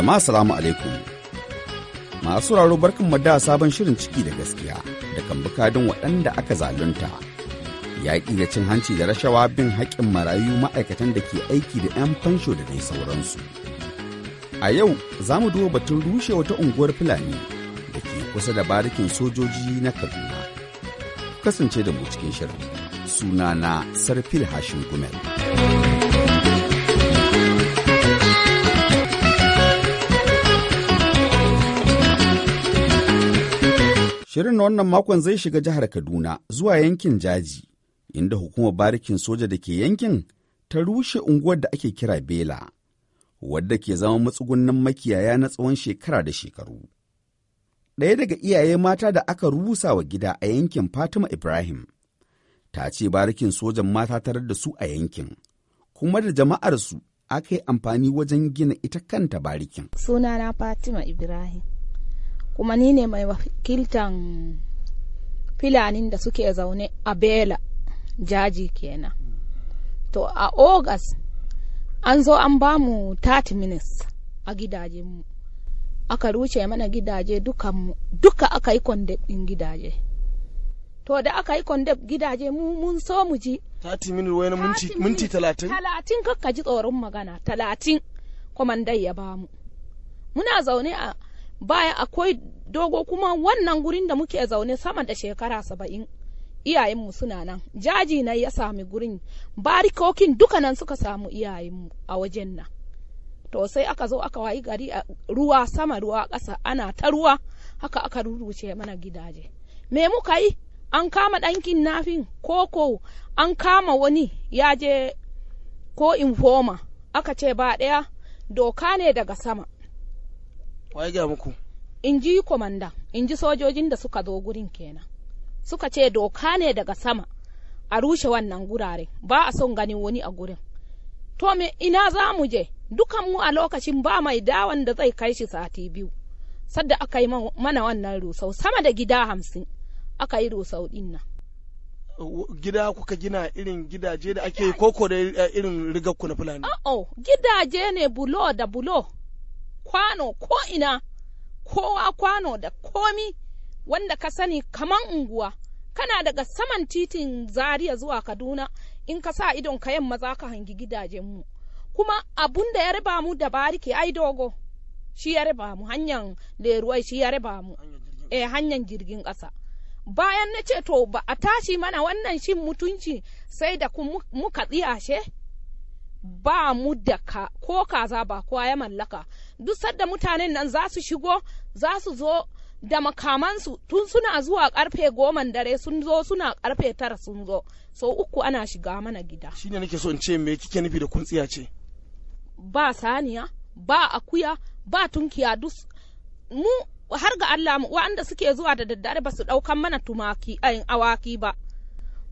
jama'a salamu alaikum masu raro barkan mu sabon shirin ciki da gaskiya da kan bukadin waɗanda aka zalunta yaƙi da cin hanci da rashawa bin haƙƙin marayu ma'aikatan da ke aiki da 'yan fansho da dai sauransu a yau za mu duba batun rushe wata unguwar fulani da ke kusa da barikin sojoji na kaduna kasance da mu cikin shirin sunana sarfil hashin gumel. Shirin na wannan makon zai shiga jihar Kaduna zuwa yankin Jaji, inda hukumar barikin soja da ke yankin ta rushe unguwar da ake kira Bela, wadda ke zama matsugunan makiyaya na tsawon shekara da shekaru. Ɗaya daga iyaye mata da aka rusa wa gida a yankin Fatima Ibrahim, ta ce barikin sojan mata tarar da su a yankin, kuma da jama'arsu aka yi amfani wajen gina ita kanta barikin. Sunana Fatima Ibrahim. kuma ni ne mai wakiltan filanin da suke zaune a bela jaji kenan to a august an zo an ba mu 30 minutes a gidajenmu aka ruce mana gidaje dukanmu duka aka yi kwandabin gidaje to da aka yi kondep gidaje mu mun so mu ji 30 minutes wani minti 30 30 kakka ji tsoron magana 30 kwamandai ya ba mu muna zaune a baya akwai dogo kuma wannan gurin da muke zaune sama da shekara saba'in iyayenmu suna nan jaji na ya sami gurin barikokin duka nan suka samu iyayenmu a wajen nan to sai aka zo aka wayi gari a ruwa sama ruwa ƙasa ana ta ruwa haka aka ruruce mana gidaje me muka yi an kama ɗankin nafin koko an kama wani ya je ko informa aka ce ba ɗaya doka ne daga sama Wai ga muku? In ji komanda, in ji sojojin da suka zo gurin kenan. Suka ce doka ne daga sama a rushe wannan gurare, ba a son ganin wani a gurin. To me ina za mu je? Dukan mu a lokacin ba mai dawan da zai kai shi sati biyu. Sadda aka yi mana wannan rusau sama da gida hamsin aka yi rusau din gida kuka gina irin gidaje da ake koko da eh, irin ku na fulani? Oh, gidaje ne bulo da bulo kwano ko ina kowa kwano da komi wanda ka sani kaman unguwa kana daga saman titin zaria zuwa kaduna in ka sa idon ka yamma za ka hangi gidajenmu kuma abun da ya riba mu da bariki ai dogo shi ya riba mu hanyar leruwai shi ya riba mu eh hanyar jirgin ƙasa bayan na ce to ba a tashi mana wannan shin mutunci sai da muka tsiyashe ba mu da ka ko kaza ba kowa ya mallaka duk sadda mutanen nan za su shigo za su zo da makamansu tun suna zuwa karfe goma dare sun zo suna karfe tara sun zo so uku ana shiga mana gida shine nake so in ce me kike nufi da kuntsiya ce ba saniya ba akuya ba tunkiya duk mu har ga Allah mu waɗanda suke zuwa da daddare ba su ɗaukan mana tumaki ayin eh, awaki ba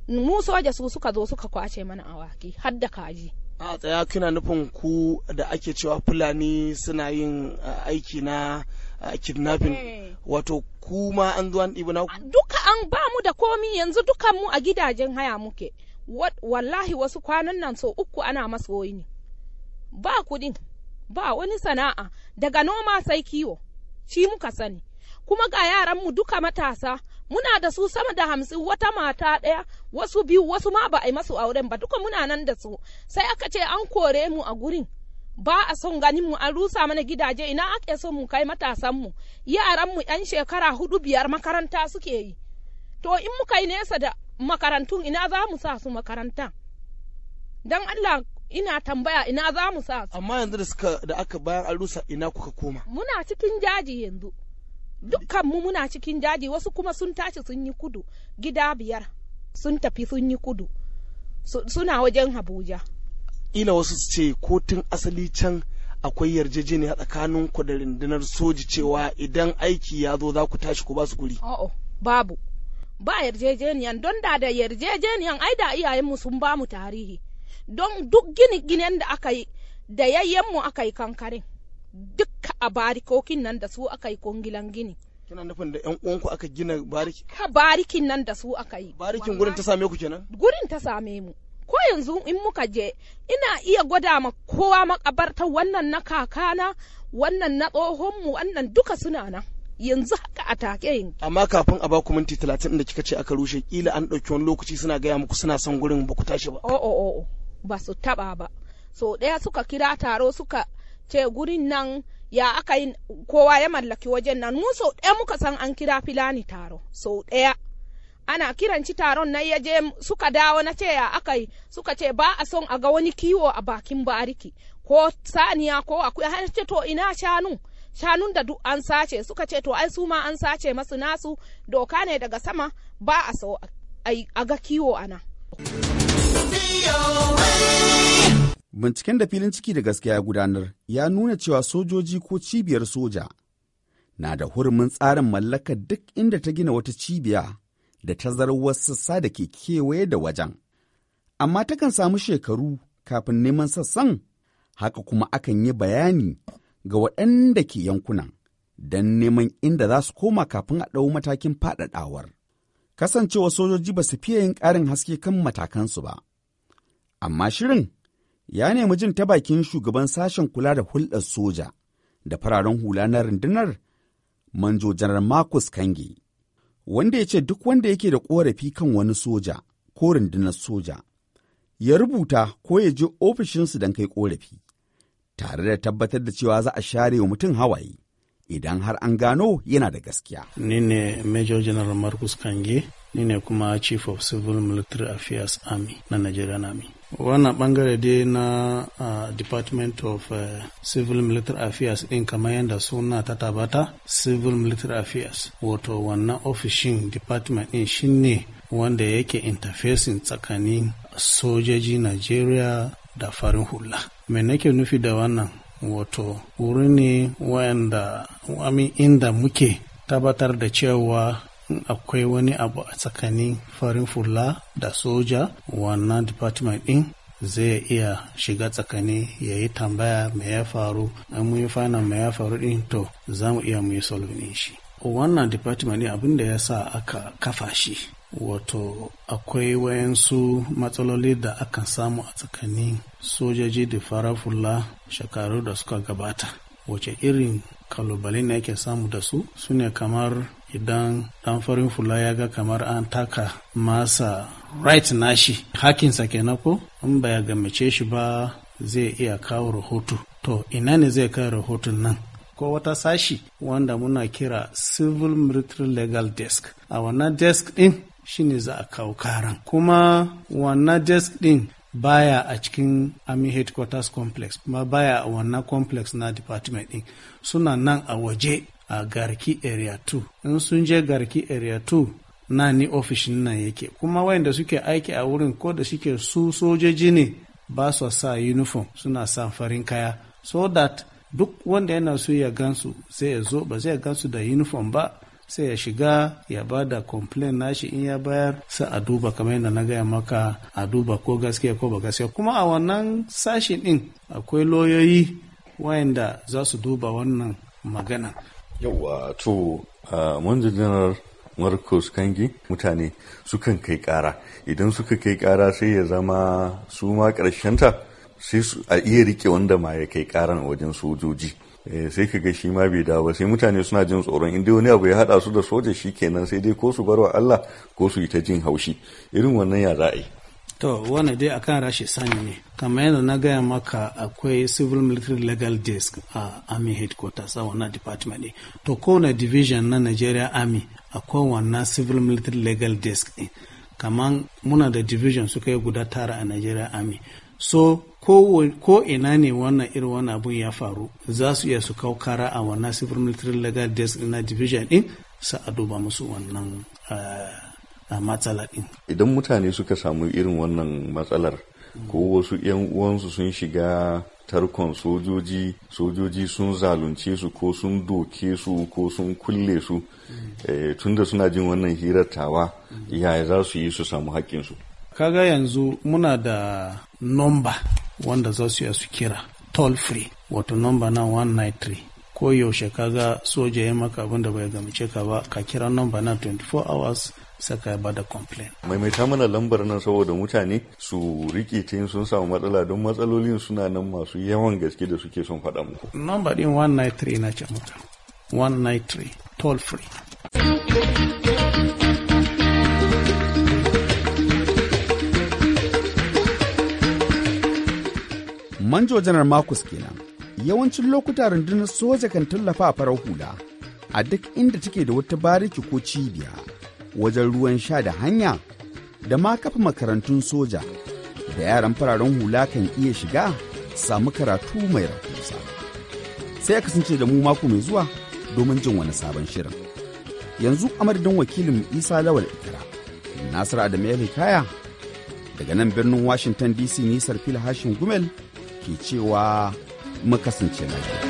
mu soja su suka zo suka kwace mana awaki har da kaji a tsaya kina nufin ku da ake cewa fulani suna yin aiki na kidnapping eh. wato kuma an zuwa an na duka an ba mu da komi yanzu dukan mu a gidajen haya muke wallahi wasu kwanan nan so uku ana masoyi ne ba kudin ba wani sana'a daga noma sai kiwo shi muka sani kuma ga yaran mu duka matasa muna da su sama da hamsin wata mata ɗaya wasu biyu wasu ma ba a yi masu auren ba duka muna nan da su sai aka ce an kore mu a gurin ba a son ganin mu an rusa mana gidaje ina ake son mu kai matasan mu yaran mu yan shekara hudu biyar makaranta suke yi to in muka yi nesa da makarantun ina za mu sa su makaranta dan Allah ina tambaya ina za mu sa su amma yanzu da suka da aka bayan an rusa ina kuka koma muna cikin jaji yanzu dukkan mu muna cikin daji wasu kuma sun tashi sun yi kudu gida biyar sun tafi sun yi kudu suna wajen habuja. Ila wasu su ce ko asali can akwai yarjejeniya tsakanin ku da rundunar soji cewa idan aiki ya zo za ku tashi ku ba su guri. Oh, babu. Ba yarjejeniyan don da da yarjejeniyan ai da iyayenmu sun ba mu tarihi. Don duk gini ginen da aka yi da yayyenmu aka yi kankarin. Duk a barikokin nan da su aka yi kungilan gini kina nufin da yan uwanku aka gina bariki ha barikin nan da su aka yi barikin gurin ta same ku kenan gurin ta same mu ko yanzu in muka je ina iya gwada ma kowa makabarta wannan na kakana wannan na tsohonmu wannan duka suna nan yanzu haka a take yin amma kafin a ba ku minti talatin da kika ce aka rushe ƙila an ɗauki wani lokaci suna gaya muku suna son gurin ba ku tashi ba o'o oh, o'o oh, oh, ba su taɓa ba so ɗaya suka kira taro suka ce gurin nan ya aka yi kowa ya mallaki wajen nan mu sau ɗaya muka san an kira filani taro sau ɗaya ana kiranci taron na yaje suka dawo na ce ya aka yi suka ce ba a son a ga wani kiwo a bakin bariki ko saniya ko akwai har ce to ina shanu shanun da duk an sace suka ce to ai su ma an sace masu nasu doka ne daga sama ba a so a ga kiwo a nan. Binciken da filin ciki da gaskiya gudanar ya nuna cewa sojoji ko cibiyar soja na da hurumin tsarin mallaka duk inda ta gina wata cibiya da ta tazarar sassa da ke kewaye da wajen. Amma takan samu shekaru kafin neman sassan, haka kuma akan yi bayani ga waɗanda ke yankunan don neman inda za su koma kafin a ɗau matakin faɗaɗawar. Kasancewa sojoji ba su fiye yin ƙarin haske kan matakansu ba. Amma shirin ya nemi jin ta bakin shugaban sashen kula da hulɗar soja da fararen hula na rundunar manjo janar Marcus Kange, wanda ya ce duk wanda yake da ƙorafi kan wani soja ko rundunar soja, ya rubuta ko ya je ofishinsu don kai ƙorafi, tare da tabbatar da cewa za a share wa mutum hawaye. Idan har an gano yana da gaskiya. Ni ne Major General Marcus Kange, ni ne kuma Chief of Civil Military Affairs Army na Nigerian Army. wannan bangare dai na uh, department of uh, civil military affairs din kamar yadda suna ta tabata civil military affairs wato wannan ofishin department din shine wanda yake interfacing tsakanin sojoji nigeria da farin hula me nake nufi da wannan wato wuri ne wanda wani inda muke tabbatar da cewa akwai wani abu a tsakanin farin fula da soja wannan department din zai iya shiga tsakani ya yi tambaya mai ya faru an mu fana mai ya faru din to za mu iya muyi yi shi wannan department din abinda ya sa aka kafa shi wato akwai wayansu matsaloli da akan samu a tsakanin sojoji da farar fula shekaru da suka gabata wace irin kalubalen ne yake samu da su su ne kamar idan dan farin fula ya ga kamar an taka masa right nashi hakinsa kenan ko in baya ya gamace shi ba zai iya kawo rahoto to ina ne zai kai rahoton nan ko wata sashi wanda muna kira civil military legal desk a wannan desk din shine za a kawo karan kuma wannan desk din baya a cikin army headquarters complex kuma baya a wannan complex na department din suna nan a waje a garki area 2 in sun je garki area 2 na ni ofishin nan yake kuma wayanda suke aiki a wurin ko da suke su sojoji ne ba su sa uniform suna sa farin kaya so that duk wanda yana so ya gansu sai ya zo ba zai gansu da uniform ba sai ya shiga ya ba da complain nashi in ya bayar sai a duba kamar yadda na gaya maka a duba ko gaskiya ko ba gaskiya kuma a wannan sashi din akwai loyoyi wayanda za su duba wannan magana yauwa to manjinar marcus kangi mutane sukan kai kara idan suka kai kara sai ya zama su ma ta sai a iya rike wanda ma ya kai karan wajen sojoji Eh, sai ka ga shi ma bai dawo ba sai mutane suna jin tsoron inda wani abu ya haɗa su da soja shi kenan sai dai ko su bar wa Allah ko su yi ta jin haushi irin wannan ya za a yi to wannan dai akan rashi sani ne kamar yadda na gaya maka akwai civil military legal desk a army headquarters a wannan department ne to kowane division na Nigeria army akwai wannan civil military legal desk ne kamar muna da division suka yi guda tara a Nigeria army so ko ina ne wannan irin wannan abun ya faru za su iya su kau kara a wannan civil military legal desk na division din sa a duba musu wannan eh, matsala din idan mutane suka samu irin wannan matsalar ko wasu yan uwansu sun shiga tarkon sojoji sojoji sun zalunce su ko sun doke su ko sun kulle su eh, tunda suna jin wannan hirar tawa yaya za su yi su samu haƙƙinsu kaga yanzu muna da nomba wanda za su su kira toll free wato nomba na 193 ko yaushe kaga soja ya maka abin da bai gamace ka ba ka kira nomba na 24 hours saka ba da complain. maimaita mana lambar nan saboda mutane su rike ta sun samu matsala don matsalolin suna nan masu yawan gaske da suke son faɗa muku. Nomba ɗin 193 na ce muka. 193 toll free. manjo janar Marcus kenan yawancin lokuta rundunar soja kan tallafa a farar hula a duk inda take da wata bariki ko cibiya wajen ruwan sha da hanya da ma kafa makarantun soja da yaran fararen hula kan iya shiga samu karatu mai rahusa sai ya kasance da mu mako mai zuwa domin jin wani sabon shirin yanzu a madadin wakilin isa lawal Itara. nasir Adamu ya kaya daga nan birnin washington dc nisar fil hashin gumel ke cewa makasance kasance lafiya.